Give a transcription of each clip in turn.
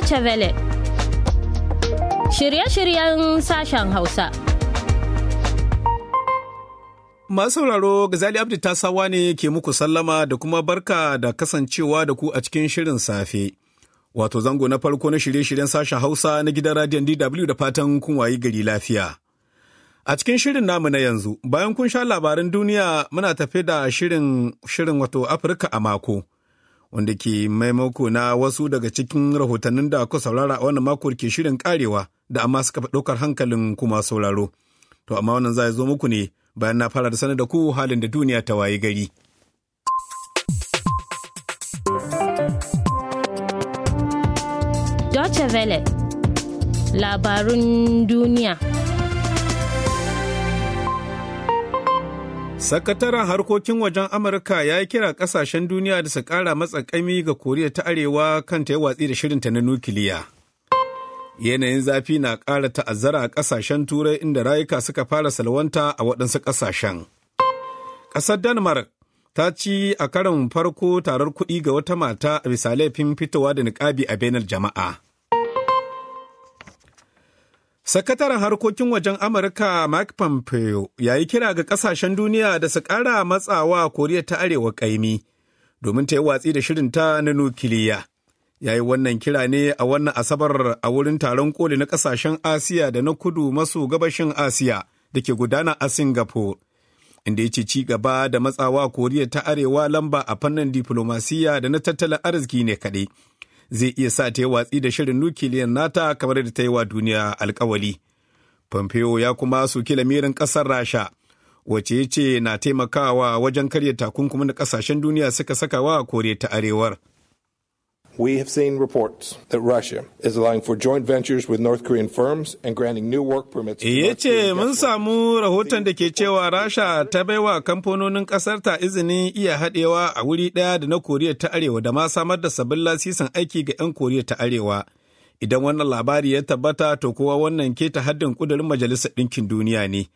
Deutsche Welle. Shirye-shiryen sashen Hausa. Masu sauraro Gazali Abdi Tasawa ne ke muku sallama da kuma barka da kasancewa da ku a cikin shirin safe. Wato zango na farko na shirye-shiryen sashen Hausa na gidan radiyon DW da fatan kun wayi gari lafiya. A cikin shirin namu na yanzu, bayan kun sha labarin duniya muna tafe da shirin shirin wato Afirka a mako. wanda ke maimako na wasu daga cikin rahotannin da aka saurara a wannan mako ke shirin karewa da amma suka fi ɗaukar hankalin kuma sauraro. To amma wannan za zo muku ne bayan na fara da sanar da ku halin da duniya ta waye gari. Deutsche Welle labarun duniya. Sakataren harkokin wajen Amurka ya yi kira kasashen duniya da su ƙara matsakami ga Koriya ta Arewa kan ta yi watsi da shirinta na nukiliya. Yanayin zafi na ƙara ta'azzara a ƙasashen Turai inda rayuka suka fara salwanta a waɗansu ƙasashen. Ƙasar Danmark ta ci a karin farko tarar kuɗi ga wata mata a bisa laifin fitowa da niƙabi a bainar jama'a. Sakataren harkokin wajen Amurka Mike Pompeo ya yi kira ga ƙasashen duniya da su ƙara matsawa Koriya ta Arewa ƙaimi domin ta yi watsi da shirinta na nukiliya. Ya yi wannan kira ne a wannan Asabar a wurin taron koli na ƙasashen Asiya da na kudu maso gabashin Asiya da ke gudana a Singapore. Inda ya ce ci gaba da matsawa Koriya ta Arewa lamba a fannin diflomasiya da na tattalin arziki ne kaɗai. zai iya sa ta yi watsi da shirin nukiliyan nata kamar da ta yi wa duniya alkawali. Pompeo ya kuma soki lamirin ƙasar Rasha, wacce ya ce na taimakawa wajen karya takunkumin da ƙasashen duniya suka sakawa wa kore ta arewar. We have seen reports that Russia is allowing for joint ventures with North Korean firms and granting new work permits. Ya ce mun samu rahoton da ke cewa Rasha ta baiwa kamfanonin kasar ta izinin iya haɗewa a wuri ɗaya da na Koriya ta Arewa da ma samar da sabbin lasisin aiki ga 'yan Koriya ta Arewa. Idan wannan labari ya tabbata to kowa wannan keta haddin kudurin Majalisar Ɗinkin Duniya ne.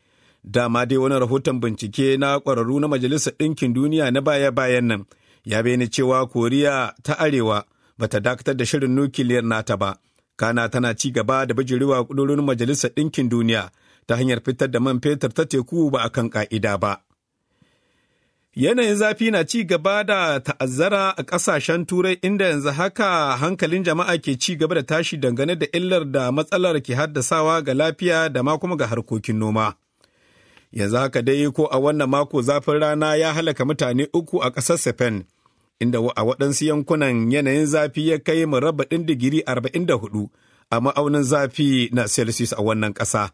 Dama dai wani rahoton bincike na ƙwararru na Majalisar Ɗinkin Duniya na baya-bayan nan ya bayyana cewa Koriya ta Arewa Ba ta dakatar da shirin nukiliyar nata ba kana tana ci gaba da bijirewa kudurin majalisar ɗinkin duniya ta hanyar fitar da man fetur ta teku ba a kan ka'ida ba yanayin zafi na ci gaba da ta'azzara a ƙasashen turai inda yanzu haka hankalin jama'a ke ci gaba da tashi dangane da illar da matsalar ke haddasawa ga lafiya da ma kuma ga harkokin noma yanzu haka dai ko a wannan mako zafin rana ya halaka mutane uku a ƙasar spain inda a waɗansu yankunan yanayin zafi ya kai murabba'in digiri hudu a ma'aunin zafi na celsius a wannan ƙasa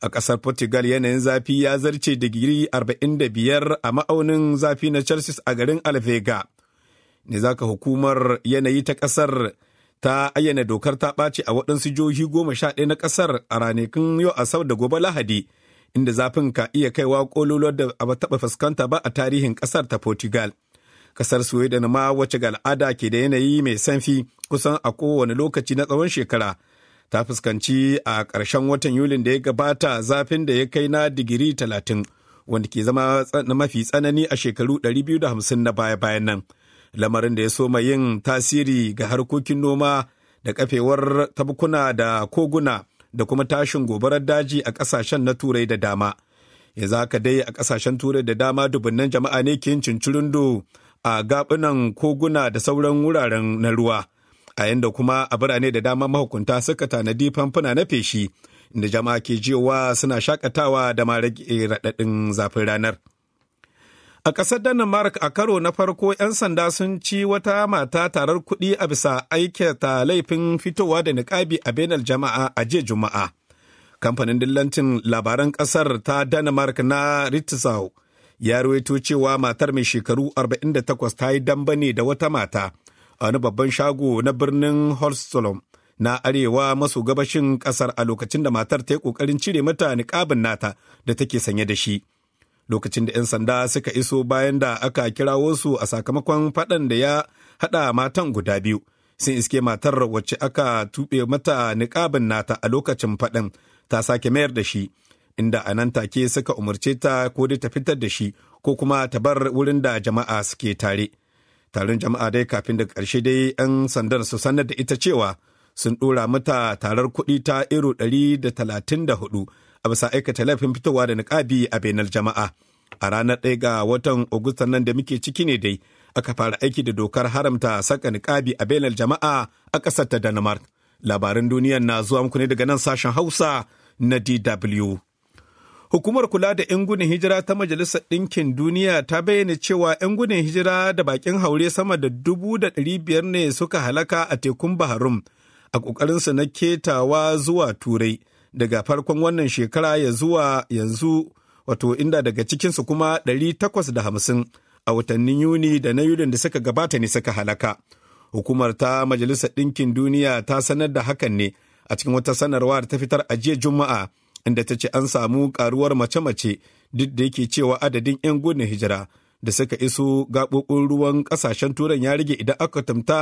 a ƙasar portugal yanayin zafi ya zarce digiri arba'in da biyar a ma'aunin zafi na celsius a garin alvega ne za ka hukumar yanayi ta ƙasar ta ayyana dokar ta ɓace a waɗansu jihohi goma sha ɗaya na ƙasar a ranakun yau a sau da gobe lahadi inda zafin ka iya kaiwa ƙololuwar da ba taɓa fuskanta ba a tarihin ƙasar ta portugal Kasar Sweden ma wacce ga al'ada ke da yanayi mai sanfi kusan a kowane lokaci na tsawon shekara. Ta fuskanci a ƙarshen watan Yulin da ya gabata zafin da ya kai na digiri talatin wanda ke zama mafi tsanani a shekaru 250 na baya-bayan nan. Lamarin da ya soma yin tasiri ga harkokin noma da kafewar tabkuna da koguna da kuma tashin gobarar daji a ƙasashen na turai da dama. yanzu haka dai a ƙasashen turai da dama dubunnan jama'a ne ke cincirindo a gabunan koguna da sauran wuraren na ruwa a yanda kuma a birane da dama mahukunta suka tanadi famfuna na feshi inda jama'a ke jiyowa suna shakatawa da ma raɗaɗin zafin ranar. A ƙasar Denmark a karo na farko 'yan sanda sun ci wata mata tarar kuɗi a bisa aikata laifin fitowa da niƙabi a benar jama'a a jiya Juma'a. Kamfanin dillancin labaran ƙasar ta Denmark na Ritzau ya ruwaito cewa matar mai shekaru 48 ta yi damba ne da wata mata a wani babban shago na birnin Holstolom na arewa maso gabashin kasar a lokacin da matar ta yi kokarin cire mata niƙabin nata da take sanye da shi. Lokacin da 'yan sanda suka iso bayan da aka kirawo su a sakamakon faɗan da ya haɗa matan guda biyu. Sun iske matar wacce aka tuɓe mata niƙabin nata a lokacin faɗan ta sake mayar da shi. inda a nan take suka umarce ta ko dai ta fitar da shi ko kuma ta bar wurin da jama'a suke tare. Taron jama'a dai kafin da ƙarshe dai 'yan sandar su sanar da ita cewa sun ɗora mata tarar kuɗi ta iro ɗari da talatin da hudu a bisa aikata laifin fitowa da niƙabi a bainar jama'a. A ranar ɗaya ga watan Ogustan nan da muke ciki ne dai aka fara aiki da dokar haramta saka niƙabi a bainar jama'a a ƙasar ta Danmark. Labaran duniya na zuwa muku ne daga nan sashen Hausa na DW. Hukumar kula da 'yan gudun hijira ta Majalisar Ɗinkin Duniya ta bayyana cewa 'yan gudun hijira da bakin haure sama da dubu da ɗari biyar ne suka halaka a tekun Baharum a ƙoƙarinsu na ketawa zuwa Turai daga farkon wannan shekara ya zuwa yanzu wato inda daga cikinsu kuma ɗari takwas da hamsin a watannin Yuni da na Yulin da suka gabata ne suka halaka. Hukumar ta Majalisar Ɗinkin Duniya ta sanar da hakan ne a cikin wata sanarwa da ta fitar a jiya Juma'a. inda ta ce an samu karuwar mace-mace duk da yake cewa adadin 'yan gudun hijira da suka iso gaɓoɓin ruwan ƙasashen turan ya rage idan aka tamta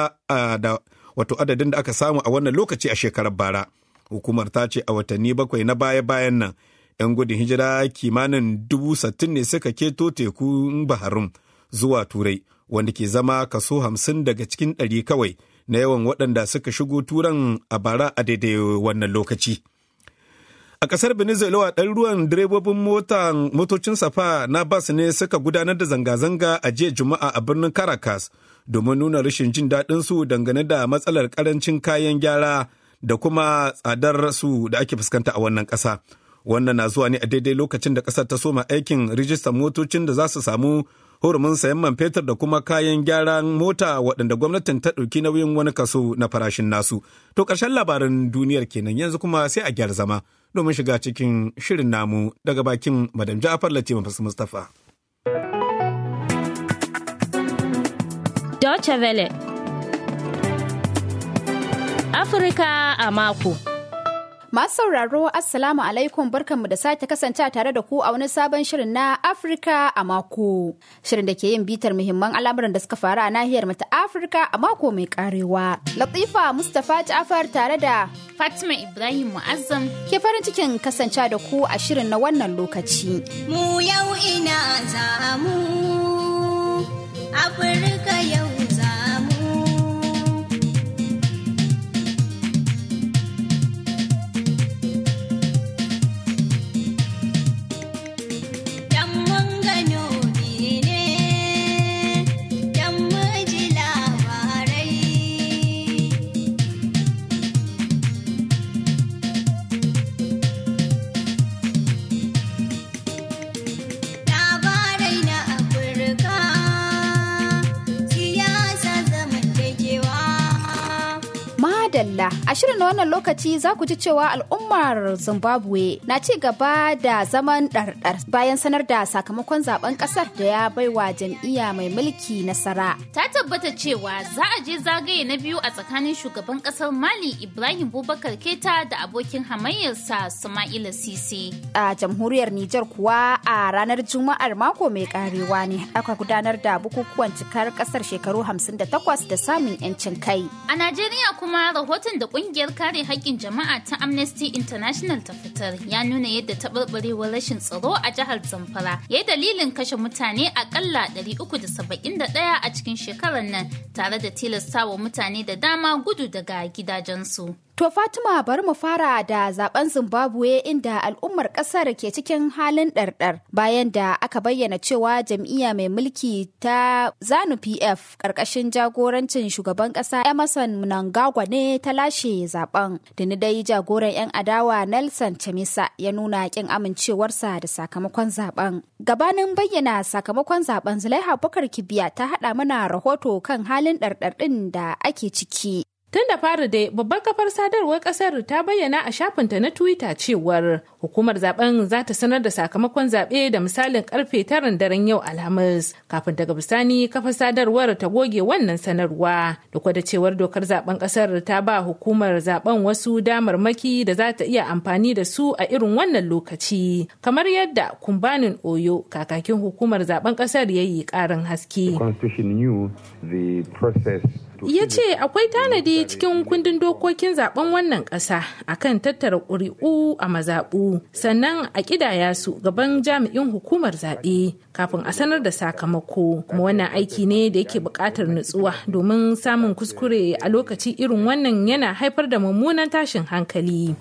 da wato adadin da aka samu a wannan lokaci a shekarar bara hukumar ta ce a watanni bakwai na baya-bayan nan 'yan gudun hijira kimanin dubu sattin ne suka keto tekun baharin zuwa turai wanda ke zama kaso hamsin daga cikin ɗari kawai na yawan waɗanda suka shigo turan a bara a daidai wannan lokaci. A kasar Venezuela ruwan direbobin motocin safa na bas ne suka gudanar da zanga-zanga a jiya Juma'a a birnin Caracas domin nuna rashin jin daɗin su dangane da matsalar ƙarancin kayan gyara da kuma tsadar su da ake fuskanta a wannan ƙasa. Wannan na zuwa ne a daidai lokacin da ƙasar ta soma aikin rijistar motocin da za su samu hurumin sayan man fetur da kuma kayan gyaran mota waɗanda gwamnatin ta ɗauki nauyin wani kaso na farashin nasu. To ƙarshen labarin duniyar kenan yanzu kuma sai a gyara zama. domin shiga cikin shirin namu daga bakin Madam Ja'afar Latif Mustapha. Deutsche Welle Afirka a mako. Masu sauraro Assalamu alaikum barkanmu da sake kasance tare da ku a wani sabon shirin na Afirka a mako. Shirin da ke yin bitar muhimman al'amuran da suka faru a nahiyar mata Afirka a mako mai karewa. Latifa Mustapha Ja'far tare da Fatima Ibrahim Mu'azzam ke farin cikin kasance da ku a shirin na wannan lokaci. Mu yau ina mu Afirka wannan lokaci za ku ji cewa al'ummar Zimbabwe na ci gaba da zaman ɗar hulɗar bayan sanar da sakamakon zaben ƙasar da ya bai wa jam'iyya mai mulki nasara. Ta tabbata cewa za a je zagaye na biyu a tsakanin shugaban ƙasar Mali Ibrahim Bubakar Keta da abokin hamayyarsa Sumaila Sisi. A jamhuriyar Nijar kuwa a ranar Juma'ar mako mai karewa ne aka gudanar da bukukuwan cikar ƙasar shekaru 58 da samun 'yancin kai. A Najeriya kuma rahoton da ƙungiyar kare haƙƙin jama'a ta Amnesty International ta fitar ya nuna yadda taɓarɓarewar rashin tsaro a jihar Zamfara ya yi dalilin kashe mutane akalla 371 a cikin shekarar nan tare da tilasta wa mutane da dama gudu daga gidajensu. To Fatima bari mu fara da zaben Zimbabwe inda al'ummar kasar ke cikin halin ɗarɗar bayan da aka bayyana cewa jam'iyya mai mulki ta Zanu PF ƙarƙashin jagorancin shugaban ƙasa Emerson Mnangagwa ne ta lashe zaben. Dani dai jagoran 'yan adawa Nelson Chamisa ya nuna ƙin amincewarsa da sakamakon zaben. Gabanin bayyana sakamakon zaben Zulaiha Bukar Kibiya ta haɗa mana rahoto kan halin ɗarɗar ɗin da ake ciki. Tun da fara dai babbar kafar sadarwar kasar ta bayyana a shafinta na Twitter cewar hukumar zaben za ta sanar da sakamakon zaɓe da misalin karfe taran daren yau Alhamis kafin daga bisani kafar sadarwar ta goge wannan sanarwa. Duk da cewar dokar zaben kasar ta ba hukumar zaben wasu damarmaki da za ta iya amfani da su a irin wannan lokaci. Kamar yadda kumbanin Oyo kakakin hukumar zaben kasar ya yi ƙarin haske. The ya ce akwai tanadi cikin kundin dokokin zaben wannan ƙasa kan tattara ƙuri'u a mazaɓu sannan a ƙidaya su gaban jami'in hukumar zaɓe kafin a sanar da sakamako kuma wannan aiki ne da yake buƙatar nutsuwa domin samun kuskure a lokaci irin wannan yana haifar da mummunan tashin hankali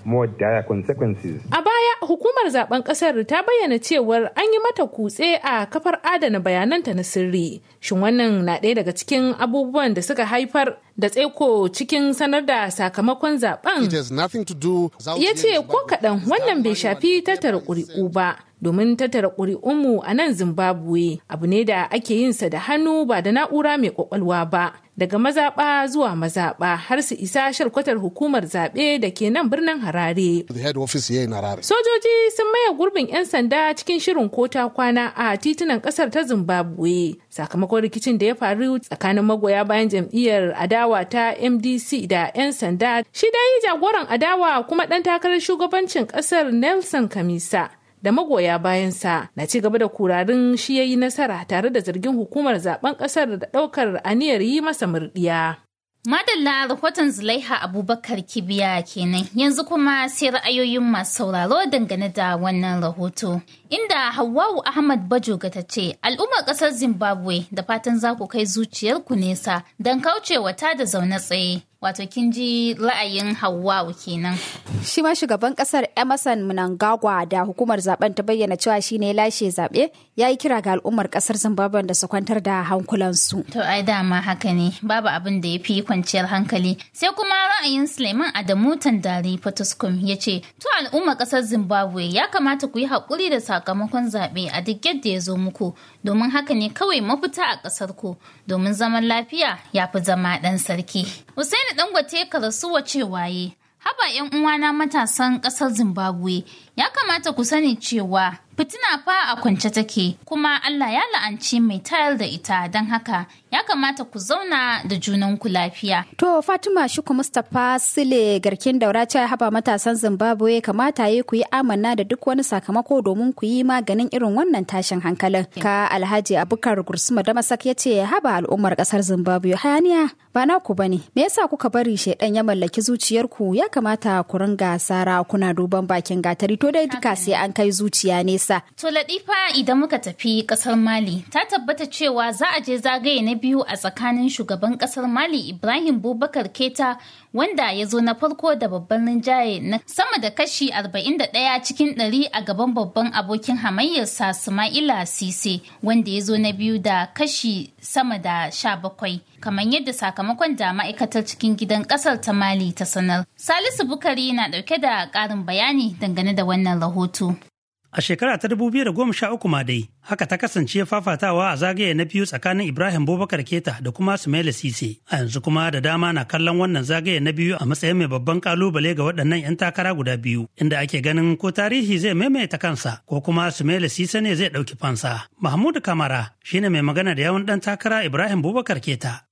a baya hukumar zaben ƙasar ta bayyana cewar an yi mata kutse a kafar adana bayananta na sirri shin wannan na ɗaya daga cikin abubuwan da suka haifar haifar da tsaiko cikin sanar da sakamakon zaben. Ya ce ko kaɗan wannan bai shafi tattara ƙuri'u ba. Domin tattara ƙuri'unmu a nan Zimbabwe abu ne da ake yinsa da hannu ba da na'ura mai ƙwaƙwalwa ba. daga mazaɓa zuwa mazaɓa har su isa shalkwatar hukumar zaɓe da ke nan birnin Harare. Sojoji sun maye gurbin 'yan sanda cikin shirin kota kwana a titunan ƙasar ta Zimbabwe sakamakon rikicin da ya faru tsakanin magoya bayan jam'iyyar adawa ta MDC da 'yan sanda shi dai jagoran adawa kuma ɗan takarar shugabancin ƙasar Nelson Kamisa. da magoya bayansa na ci gaba da kurarin shi ya yi nasara tare da zargin hukumar zaben kasar da daukar aniyar yi masa murdiya. Madalla rahoton Zulaiha Abubakar Kibiya kenan yanzu kuma sai ra'ayoyin masu sauraro dangane da wannan rahoto. Inda Hawwau Ahmad Bajoga ta ce al'ummar ƙasar Zimbabwe da fatan za ku kai zuciyarku nesa don kaucewa ta da zaune tsaye. wato kin ji la'ayin hawa kenan shi ma shugaban kasar emerson mnangagwa da hukumar zaben ta bayyana cewa shi ne lashe zaɓe ya yi kira ga al'ummar kasar zimbabwe da su kwantar da hankulansu to ai dama haka ne babu abin da ya fi kwanciyar hankali sai kuma ra'ayin suleiman adamu tandari potoscom ya ce to al'ummar kasar zimbabwe ya kamata ku yi haƙuri da sakamakon zaɓe a duk yadda ya zo muku domin haka ne kawai mafita a ƙasar ku domin zaman lafiya ya fi zama ɗan sarki. Usaini Dangote Karasuwa ce waye, haba 'yan uwana matasan ƙasar Zimbabwe Ya kamata ku sani cewa fitina fa a kwance take kuma Allah ya la'anci mai tayar da ita don haka ya kamata ku zauna da junanku lafiya. To Fatima Shuku Mustapha Sile garkin daura ce haba matasan Zimbabwe kamata yi ku yi amanna da duk wani sakamako domin ku yi maganin irin wannan tashin hankalin. Ka Alhaji Abubakar Gursuma Damasak ya ce haba al'ummar kasar Zimbabwe hayaniya ba na ku bane me yasa kuka bari shedan ya mallaki zuciyarku ya kamata ku ringa sara kuna duban bakin gatari fito da duka sai an kai zuciya nesa. To Latifa idan muka tafi kasar Mali ta tabbata cewa za a je zagaye na biyu a tsakanin shugaban kasar Mali Ibrahim Bubakar Keta wanda ya zo na farko da babban rinjaye na sama da kashi 41 cikin 100 a gaban babban abokin hamayyarsa Sumaila Sise wanda ya zo na biyu da kashi sama da 17 kamar yadda sakamakon da ma'aikatar cikin gidan kasar ta Mali ta sanar. Salisu Bukari na dauke da karin bayani dangane da wannan rahoto. A shekara ta dubu biyu da goma 2013 ma dai, haka ta kasance fafatawa a zagaye na biyu tsakanin Ibrahim Bubakar Keta da kuma Sumaila Sise. A yanzu kuma da dama na kallon wannan zagaye na biyu a matsayin mai babban kalubale ga waɗannan 'yan takara guda biyu, inda ake ganin ko tarihi zai maimaita kansa ko kuma Sumaila Sise ne zai ɗauki fansa. mahmudu Kamara shine mai magana da yawan ɗan takara Ibrahim Bubakar Keta.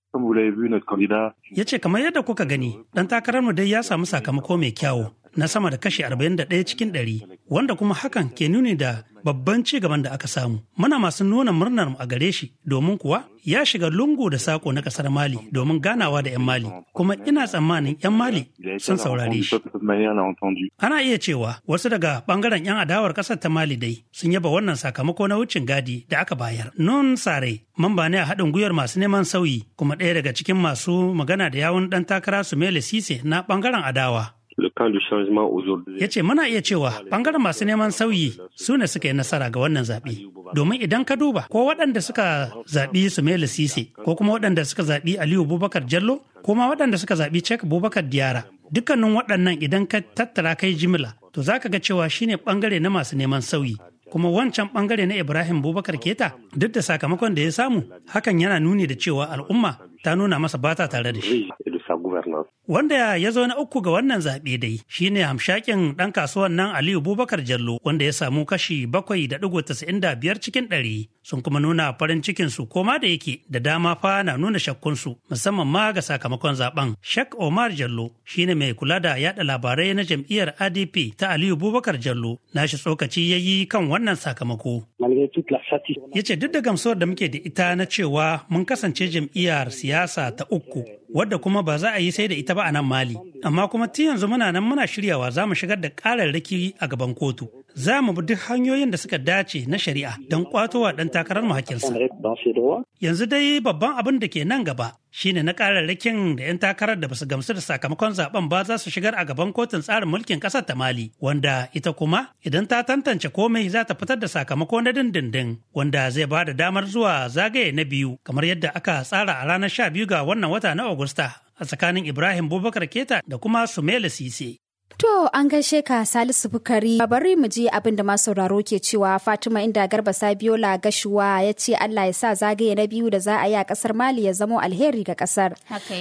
Ya ce kamar yadda kuka gani, ɗan takararmu dai ya samu sakamako mai kyawu, na sama da kashi 41 cikin 100 wanda kuma hakan ke nuni da babban ci gaban da aka samu muna masu nuna murnar mu a gare shi domin kuwa ya shiga lungu da sako na kasar mali domin ganawa da 'yan mali kuma ina tsammanin 'yan mali sun saurare shi ana iya cewa wasu daga bangaren 'yan adawar kasar ta mali dai sun yaba wannan sakamako na wucin gadi da aka bayar non sare mamba ne a haɗin gwiwar masu neman sauyi kuma ɗaya daga cikin masu magana da yawun ɗan takara su mele sise na bangaren adawa Ya ce muna iya cewa bangaren masu neman sauyi su ne suka yi nasara ga wannan zaɓe. Domin idan ka duba ko waɗanda suka zaɓi Sumaila Sisi ko kuma waɗanda suka zaɓi Aliyu Bubakar Jallo ko ma waɗanda suka zaɓi Cek Bubakar Diyara dukkanin waɗannan idan ka tattara kai jimila to za ka ga cewa shine bangare na masu neman sauyi. kuma wancan bangare na Ibrahim Bubakar Keta duk da sakamakon da ya samu hakan yana nuni da cewa al'umma ta nuna masa ba ta tare da shi. Wanda ya zo na uku ga wannan zaɓe dai shine hamshakin ɗan kasuwan nan Aliyu Bubakar Jallo wanda ya samu kashi bakwai da ɗigo tasa'in da biyar cikin ɗari sun kuma nuna farin cikinsu su koma da yake da dama fa na nuna shakkunsu musamman ma ga sakamakon zaɓen, Shak Omar Jallo shine mai kula da yaɗa labarai na jam'iyyar ADP ta Aliyu Bubakar Jallo shi tsokaci ya yi kan wannan sakamako. Ya ce duk da gamsuwar da muke da ita na cewa mun kasance jam'iyyar siyasa siyasa ta uku wadda kuma ba za a yi sai da ita ba a nan Mali. Amma kuma tun yanzu muna nan muna shiryawa za mu shigar da ƙararraki a gaban kotu. Za mu bi duk hanyoyin da suka dace na shari'a don kwatowa ɗan takarar mu hakinsa. Yanzu dai babban abin da ke nan gaba shine na ƙararrakin da 'yan takarar da basu gamsu da sakamakon zaben ba za su shigar a gaban kotun tsarin mulkin ƙasar ta Mali, wanda ita kuma idan ta tantance komai za ta fitar da sakamako na dindindin wanda zai ba da damar zuwa zagaye na biyu kamar yadda aka tsara a ranar sha biyu ga wannan wata na Agusta a tsakanin Ibrahim Bubakar Keta da kuma Sumela Sise. To an gaishe ka Salisu Bukari bari mu ji abin da masu sauraro ke cewa Fatima inda Garba Sabiola gashuwa ya ce Allah ya sa zagaye na biyu da za a yi a kasar Mali ya zamo alheri ga kasar.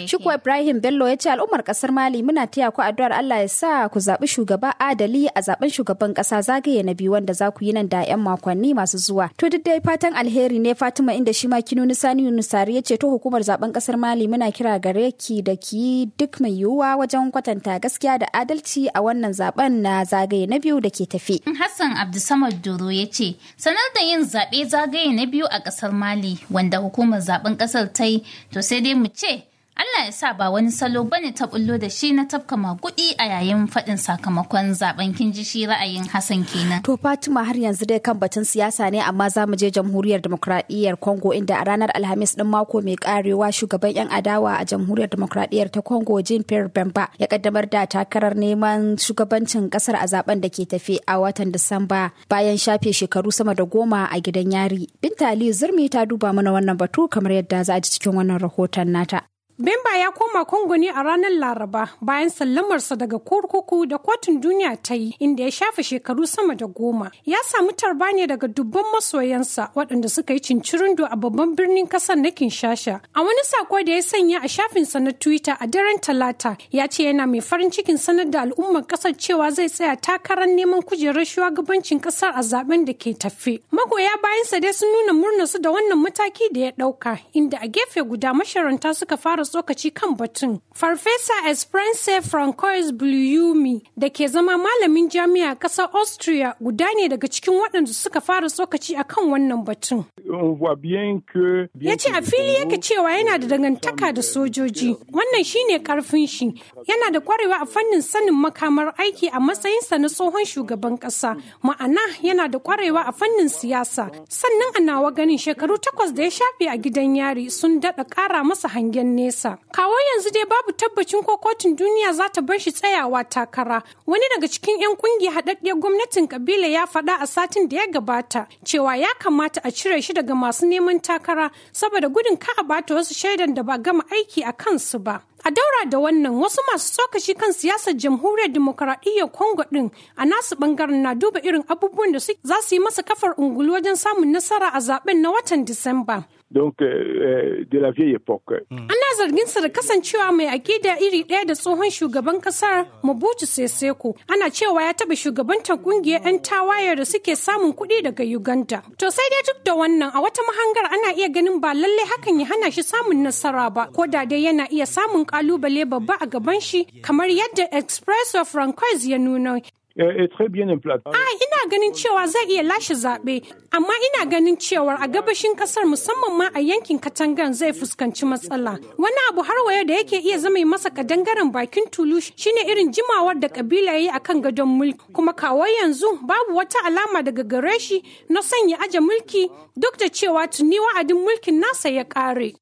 Shi Ibrahim Bello ya ce al'ummar kasar Mali muna taya ku addu'ar Allah ya sa ku zaɓi shugaba adali a zaɓen shugaban kasa zagaye na biyu wanda za ku yi nan da 'yan makonni masu zuwa. To duk dai fatan alheri ne Fatima inda shi ma Kinuni Sani Nusari ya ce to hukumar zaɓen kasar Mali muna kira gare ki da ki duk mai yiwuwa wajen kwatanta gaskiya da adalci gwamnati a wannan zaben na zagaye na biyu da ke tafi. Hassan Abdulsamad Doro ya ce, sanar da yin zaɓe zagaye na biyu a ƙasar Mali wanda hukumar zaben ƙasar ta yi, to sai dai mu ce Allah ya sa ba wani salo bane ta bullo da shi na tafka magudi a yayin faɗin sakamakon zaben kin ji shi ra'ayin Hassan kenan. To Fatima har yanzu dai kan batun siyasa ne amma za mu je Jamhuriyar Demokradiyyar Congo inda a ranar Alhamis ɗin mako mai karewa shugaban yan adawa a Jamhuriyar Demokradiyyar ta Congo Jean Pierre Bemba ya kaddamar da takarar neman shugabancin kasar a zaben da ke tafe a watan Disamba bayan shafe shekaru sama da goma a gidan yari. Binta Aliyu Zurmi ta duba mana wannan batu kamar yadda za a ji cikin wannan rahoton nata. Bemba ya koma Congo ne a ranar Laraba bayan sallamarsa daga kurkuku da kotun duniya ta yi inda ya shafe shekaru sama da goma. Ya samu tarba ne daga dubban masoyansa waɗanda suka yi cincirindo a babban birnin ƙasar na Kinshasa. A wani sako da ya sanya a shafinsa na Twitter a daren Talata ya ce yana mai farin cikin sanar da al'ummar ƙasar cewa zai tsaya takarar neman kujerar shugabancin ƙasar a zaben da ke tafe. Magoya bayansa dai sun nuna murnarsu da wannan mataki da ya ɗauka inda a gefe guda masharanta suka fara tsokaci kan batun. Farfesa Esperance Francois Bluyumi da ke zama malamin jami'a ƙasar Austria guda ne daga cikin waɗanda suka fara tsokaci a kan wannan batun. Ya ce a fili yake cewa yana da dangantaka da sojoji, wannan shine ƙarfin shi, yana da ƙwarewa a fannin sanin makamar aiki a matsayinsa na tsohon shugaban ƙasa, ma'ana yana da ƙwarewa a fannin siyasa. Sannan a nawa ganin shekaru takwas da ya shafe a gidan yari sun daɗa ƙara masa hangen nesa. jam'iyyarsa. Kawo yanzu dai babu tabbacin ko kotun duniya za ta bar shi tsayawa takara. Wani daga cikin 'yan kungiyar haɗaɗɗiyar gwamnatin kabila ya faɗa a satin da ya gabata cewa ya kamata a cire shi daga masu neman takara saboda gudun ka a bata wasu shaidan da ba gama aiki a kansu ba. A daura da wannan wasu masu tsokaci kan siyasar jamhuriyar demokuraɗiyyar Congo ɗin a nasu ɓangaren na duba irin abubuwan da za su yi masa kafar ungulu wajen samun nasara a zaben na watan Disamba. Euh, euh, mm. Ana zargin sa da kasancewa mai akida iri ɗaya da tsohon shugaban kasar Mobutu Seseko. Ana cewa ya taɓa shugabantar kungiyar 'yan tawaye da suke samun kuɗi daga Uganda. To sai dai duk da wannan a wata mahangar ana iya ganin ba lallai hakan ya hana shi samun nasara ba ko da dai yana iya samun kalubale babba a gaban shi kamar yadda of Francois ya nuna eh, eh, A ah, ina ganin cewa zai iya lashe zaɓe, amma ina ganin cewa a gabashin ƙasar musamman ma a yankin Katangan zai fuskanci matsala. Wani abu har wayo da yake iya zama masa kadangaren bakin tulu shine irin jimawar da kabila yi akan gadon mulki, kuma kawo yanzu babu wata alama daga gare shi na sanya aje mulki duk da cewa tuni wa'adin mulkin nasa ya ƙare.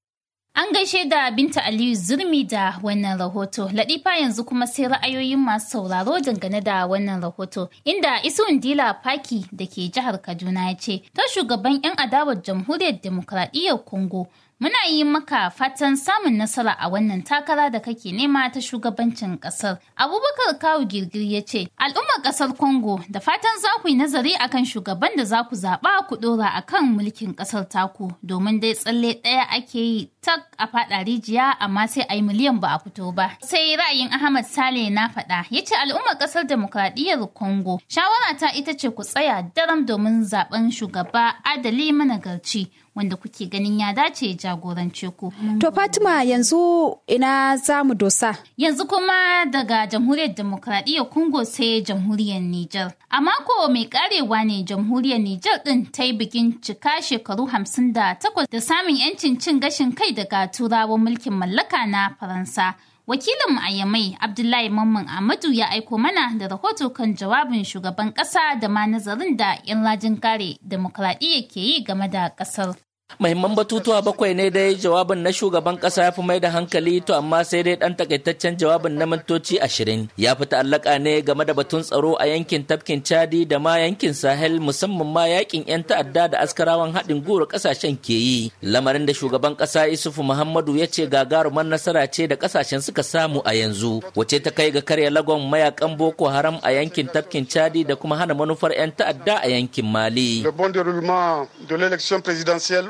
An gaishe da Binta Aliyu Zurmi da wannan rahoto. Ladifa yanzu kuma sai ra'ayoyin masu sauraro dangane da wannan rahoto. Inda Isu Ndila Faki da ke jihar Kaduna ya ce, ta shugaban 'yan adawar jamhuriyar demokradiyyar Congo Muna yi maka fatan samun nasara a wannan takara da kake nema ta shugabancin kasar. Abubakar Kawu Girgir ya ce, Al'ummar kasar Congo da fatan za ku yi nazari a kan shugaban da za ku zaɓa ku ɗora a kan mulkin kasar taku domin dai tsalle ɗaya ake yi tak a faɗa rijiya amma sai a yi miliyan ba a fito ba. Sai ra'ayin Ahmad Sale na faɗa ya ce al'ummar kasar demokradiyyar Congo shawara ta ita ce ku tsaya daram domin zaɓen shugaba adali managarci. wanda kuke ganin ya dace jagorance ku. To Fatima yanzu ina za dosa. Yanzu kuma daga jamhuriyar demokradiyya kungo sai jamhuriyar Nijar. A mako mai karewa ne jamhuriyar Nijar din ta yi bikin cika shekaru hamsin da takwas da samun 'yancin cin gashin kai daga turawan mulkin mallaka na Faransa. Wakilin a Yamai Abdullahi Mamman Ahmadu ya aiko mana da rahoto kan jawabin shugaban ƙasa da ma nazarin da 'yan rajin kare demokradiyya ke yi game da ƙasar. Mahimman batutuwa bakwai ne dai jawabin na shugaban kasa ya fi mai da hankali to amma sai dai ɗan takaitaccen jawabin na mintoci ashirin ya fi ta'allaka ne game da batun tsaro a yankin tafkin Chadi da ma yankin Sahel musamman ma yakin 'yan ta'adda da askarawan haɗin gura kasashen ke yi. Lamarin da shugaban ƙasa Isufu Muhammadu ya ce gagarumar nasara ce da kasashen suka samu a yanzu wace ta kai ga karya lagon mayakan Boko Haram a yankin tafkin Chadi da kuma hana manufar 'yan ta'adda a yankin Mali.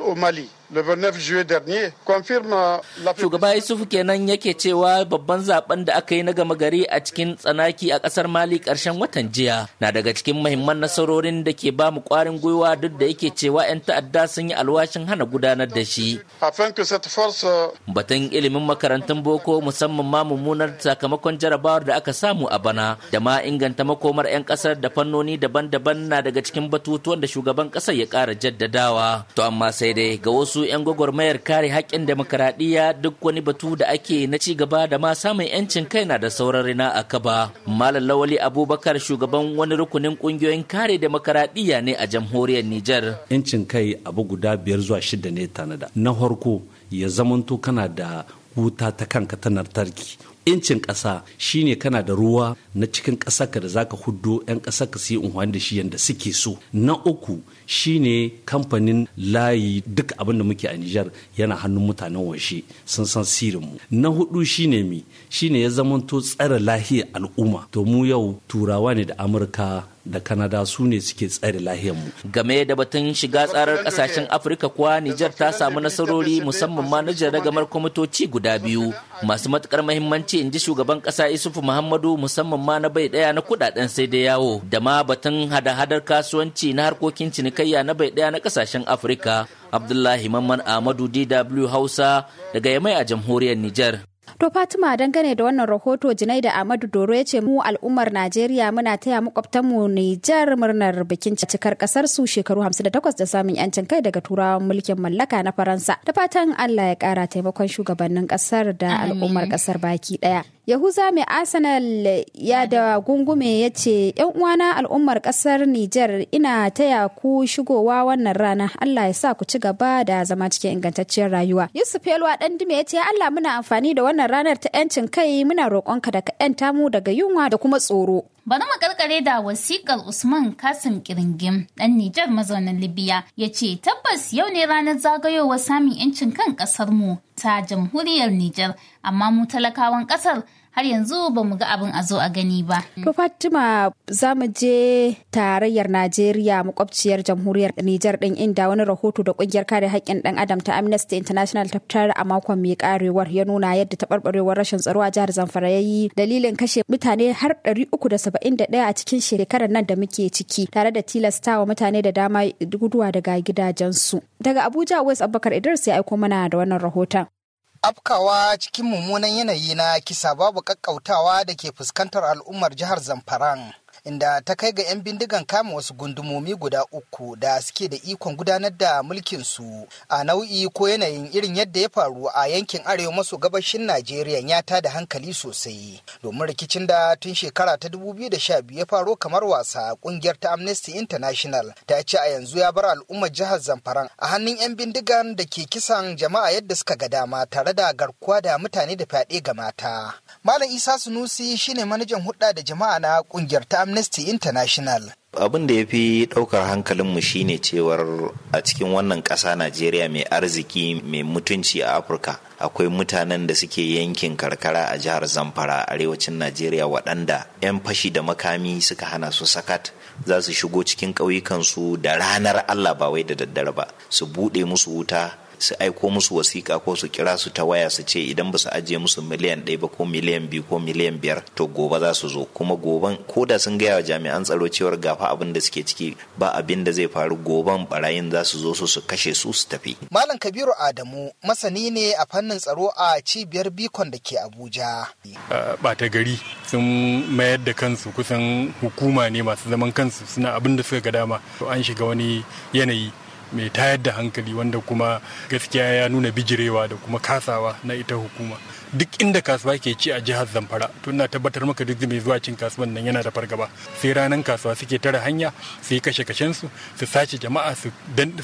au Mali. Shugaba Yusuf kenan yake cewa babban zaben da aka yi na gama gari a cikin tsanaki a kasar Mali karshen watan jiya na daga cikin mahimman nasarorin da ke ba mu kwarin gwiwa duk da yake cewa 'yan ta'adda sun yi alwashin hana gudanar da shi. Batun ilimin makarantun boko musamman ma mummunar sakamakon jarabawar da aka samu a bana da ma inganta makomar 'yan kasar da fannoni daban-daban na daga cikin batutuwan da shugaban kasar ya kara jaddadawa. To amma sai dai ga wasu su 'yan gwagwarmayar kare haƙƙin demokaradiyya duk wani batu da ake na ci gaba da ma samun 'yancin kai na da sauran rina a kaba malam lawali abubakar shugaban wani rukunin ƙungiyoyin kare demokaradiyya ne a jamhuriyar nijar 'yancin kai abu guda biyar zuwa shida ne tanada na farko ya zamanto kana da huta ta kanka ta lantarki 'Yancin ƙasa shine kana da ruwa na cikin ka da zaka huddo 'yan ka su yi unhuwan da shi yadda suke so na uku shine kamfanin layi duk abinda muke a Nijar yana hannun mutanen washe sun san sirin mu Na hudu shine mi shine ya zamanto tsare lahiyar al'umma to mu yau turawa ne da Amurka da kanada su ne suke tsare mu. game da batun shiga tsarar kasashen afirka kuwa nijar ta samu nasarori musamman ma na ragamar kwamitoci guda biyu masu matukar mahimmanci in ji shugaban kasa isufu muhammadu musamman ma na bai daya na kudaden sai da yawo da ma batun hada-hadar kasuwanci na harkokin cinikayya na bai daya na kasashen afirka abdullahi mamman ahmadu dw hausa daga yamai a jamhuriyar nijar To Fatima dangane da wannan rahoto jinai da Ahmadu Doro ya ce mu al'ummar Najeriya muna taya mu Nijar murnar bikin cikar kasar su shekaru 58 da samun yancin kai daga turawan mulkin mallaka na Faransa. Da fatan Allah ya kara taimakon shugabannin kasar da al'ummar kasar baki daya. Yahuza mai Arsenal ya da gungume ya ce, ‘Yan uwana al'ummar kasar Nijar ina taya ku shigowa wannan rana, Allah ya sa ku ci gaba da zama cikin ingantacciyar rayuwa. Yusuf Yalwa ɗan dume ya ce, Allah muna amfani da wannan wannan ranar ta 'yancin kai muna roƙonka da ka 'yanta mu daga yunwa da kuma tsoro. Bari mu karkare da wasikar Usman Kasim Kiringim, ɗan Nijar mazaunin Libya, ya ce tabbas yau ne ranar zagayowar samun 'yancin kan ƙasar mu ta jamhuriyar Nijar, amma mu talakawan ƙasar har yanzu ba mu ga abin a zo a gani ba. To Fatima za mu je tarayyar Najeriya makwabciyar jamhuriyar Nijar ɗin inda wani rahoto da ƙungiyar kare haƙƙin ɗan adam ta Amnesty International ta fitar a makon mai karewar ya nuna yadda taɓarɓarewar rashin tsaro a jihar Zamfara ya yi dalilin kashe mutane har ɗari uku da saba'in 371 a cikin shekarar nan da muke ciki tare da tilastawa mutane da dama guduwa daga gidajensu. Daga Abuja West Abubakar Idris ya aiko mana da wannan rahoton. afkawa cikin mummunan yanayi na kisa babu kakkautawa da ke fuskantar al'ummar jihar Zamfaran. inda ta kai ga 'yan bindigan kama wasu gundumomi guda uku da suke da ikon gudanar da mulkinsu a nau'i ko yanayin irin yadda ya faru a yankin arewa maso gabashin najeriya ya ta da hankali sosai domin rikicin da tun shekara ta 2012 ya faro kamar wasa kungiyar ta amnesty international ta ce a yanzu ya bar al'ummar jihar Zamfara. a hannun 'yan bindigan da ke kisan jama'a yadda suka ga dama tare da garkuwa da mutane da fyaɗe ga mata malam isa sunusi shine manajan hudda da jama'a na kungiyar ta amnesty amnesty international abin da ya fi ɗaukar hankalinmu shine cewar a cikin wannan ƙasa najeriya mai arziki mai mutunci a afirka akwai mutanen da suke yankin karkara a jihar zamfara arewacin najeriya waɗanda 'yan fashi da makami suka hana su sakat za su shigo cikin ƙauyukansu da ranar allah ba wai da daddare ba su buɗe musu wuta su aiko musu wasiƙa ko su kira su ta waya su ce idan ba su ajiye musu miliyan ɗaya ba ko miliyan biyu ko miliyan biyar to gobe za su zo kuma goben ko da sun gaya wa jami'an tsaro cewar gafa abin da suke ciki ba abin da zai faru goben barayin za su zo su su kashe su su tafi. Malam Kabiru Adamu masani ne a fannin tsaro a cibiyar Bikon da ke Abuja. Bata gari sun mayar da kansu kusan hukuma ne masu zaman kansu suna abin da suka ga dama an shiga wani yanayi mai tayar da hankali wanda kuma gaskiya ya nuna bijirewa da kuma kasawa na ita hukuma duk inda kasuwa ke ci a jihar zamfara to ina tabbatar maka duk mai zuwa cin kasuwan nan yana da fargaba sai ranar kasuwa suke tara hanya su yi kashe kashen su su sace jama'a su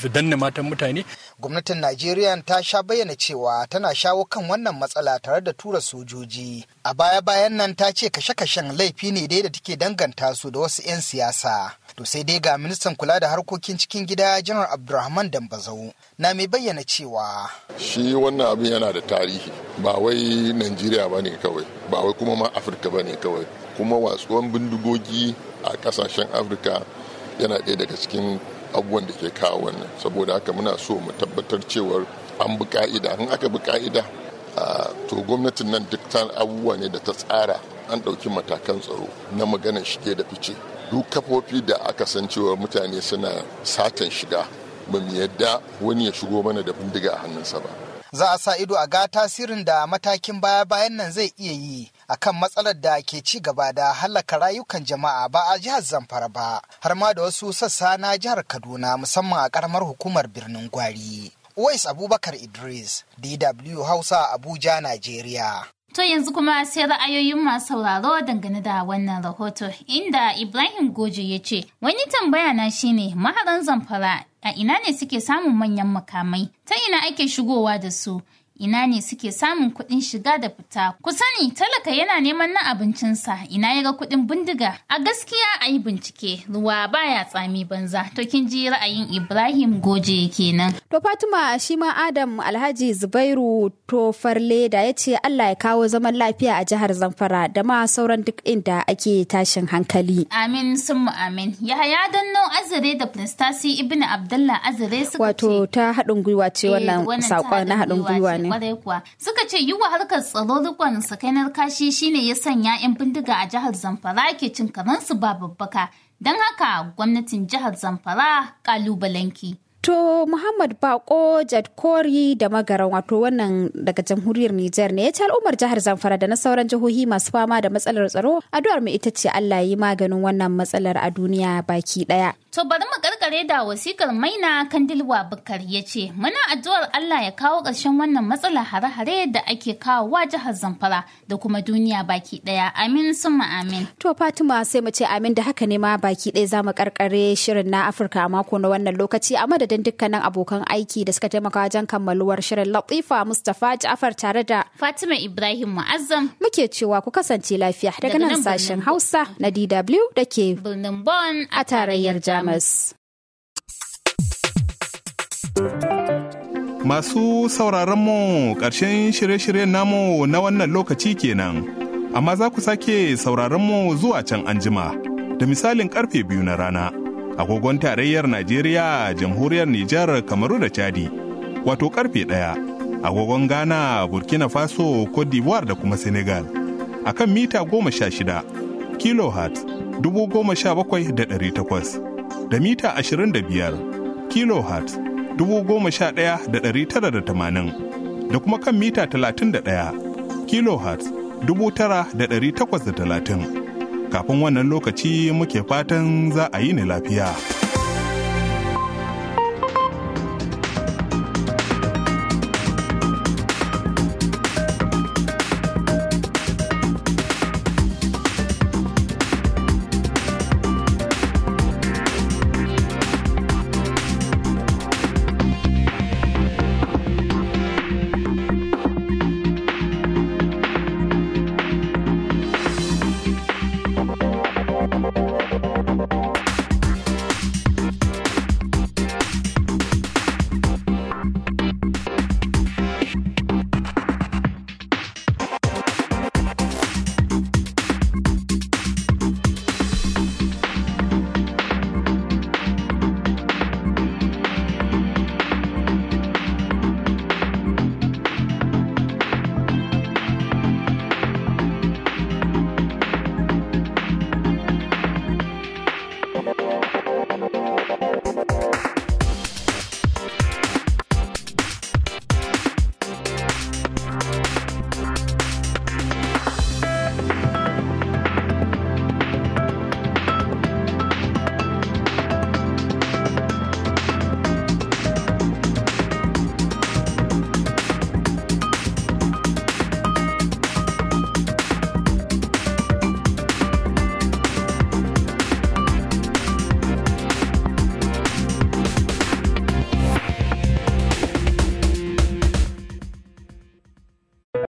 danna matan mutane gwamnatin najeriya ta sha bayyana cewa tana shawo kan wannan matsala tare da tura sojoji a baya bayan nan ta ce kashe kashen laifi ne dai da take danganta su da wasu 'yan siyasa To sai dai ga ministan kula da harkokin cikin gida janar Abdulrahman Dambazau na mai bayyana cewa. Shi wannan abin yana da tarihi ba wai Najeriya ba ne kawai ba wai kuma ma Afirka ba ne kawai kuma watsuwan bindigogi a kasashen Afirka yana ɗaya daga cikin abubuwan da ke kawo wannan saboda haka muna so mu tabbatar cewar an bi ka'ida in aka bi ka'ida to gwamnatin nan duk ta abubuwa ne da ta tsara an ɗauki matakan tsaro na maganar shige da fice duk kafofi da aka san cewa mutane suna satan shiga ba mu yadda wani ya shigo mana da bindiga a hannunsa ba za a sa ido a ga tasirin da matakin baya-bayan nan zai iya yi akan matsalar da ke ci gaba da halaka rayukan jama'a ba a jihar zamfara ba har ma da wasu sassa na jihar kaduna musamman a karamar hukumar birnin gwari Uwais Abubakar Idris, DW Hausa, Abuja, Najeriya. To yanzu kuma sai ra'ayoyin masu sauraro dangane da wannan rahoto inda Ibrahim Goje ya ce, wani tambaya na shine maharan zamfara a ina ne suke samun manyan makamai, ta ina ake shigowa da su, ina ne suke samun kuɗin shiga da fita. Ku sani talaka yana neman na abincinsa ina yaga kuɗin bindiga. A gaskiya a yi bincike ruwa baya tsami banza to kin ji ra'ayin Ibrahim Goje kenan. To Fatima shi ma Adam Alhaji Zubairu to farle da ya ce Allah ya kawo zaman lafiya a jihar Zamfara da ma sauran duk inda ake tashin hankali. Amin sun mu amin. Yahaya Danno Azare da Prince Ibn Abdullah Azare suka ce. Wato ta haɗin gwiwa ce eh, wannan saƙon na haɗin gwiwa ne. kwarai kuwa suka ce yi wa harkar tsaro rikon sakainar kashi shine ya sanya 'yan bindiga a jihar zamfara ke cin su ba babbaka don haka gwamnatin jihar zamfara kalubalenki. To Muhammad Bako Jadkori da magaran wato wannan daga jamhuriyar Nijar ne ya ci al'ummar jihar Zamfara da na sauran jihohi masu fama da matsalar tsaro addu'ar mu ita ce Allah yi maganin wannan matsalar a duniya baki daya. To bari mu karkare da wasikar maina kandilwa bukar ya ce muna addu'ar Allah ya kawo ƙarshen wannan matsala hare-hare da ake kawo wa jihar Zamfara da kuma duniya baki ɗaya amin sun amin. To Fatima sai mu ce amin da haka ne ma baki ɗaya za mu karkare shirin na Afirka a mako na wannan lokaci a madadin dukkanin abokan aiki da suka taimaka wajen kammaluwar shirin Latifa Mustapha Ja'far tare da Fatima Ibrahim Mu'azzam muke cewa ku kasance lafiya daga nan sashen Hausa na DW da ke birnin Bon a tarayyar Jami'a. Damas. Masu sauraron mu ƙarshen shirye-shiryen namu na wannan lokaci kenan, amma za ku sake sauraron mu zuwa can anjima da misalin ƙarfe biyu na rana, agogon tarayyar Najeriya, jamhuriyar Nijar, Kamaru da Chadi, wato ƙarfe ɗaya, agogon Ghana, Burkina Faso, Cote d'Ivoire da kuma Senegal, akan mita goma sha shida, kilohertz dubu goma sha bakwai da ɗari takwas. da mita ashirin da biyar dubu goma sha ɗaya da ɗari tara da da tamanin, kuma kan mita talatin da da ɗaya dubu tara ɗari takwas da talatin, kafin wannan lokaci muke fatan za a yi ni lafiya.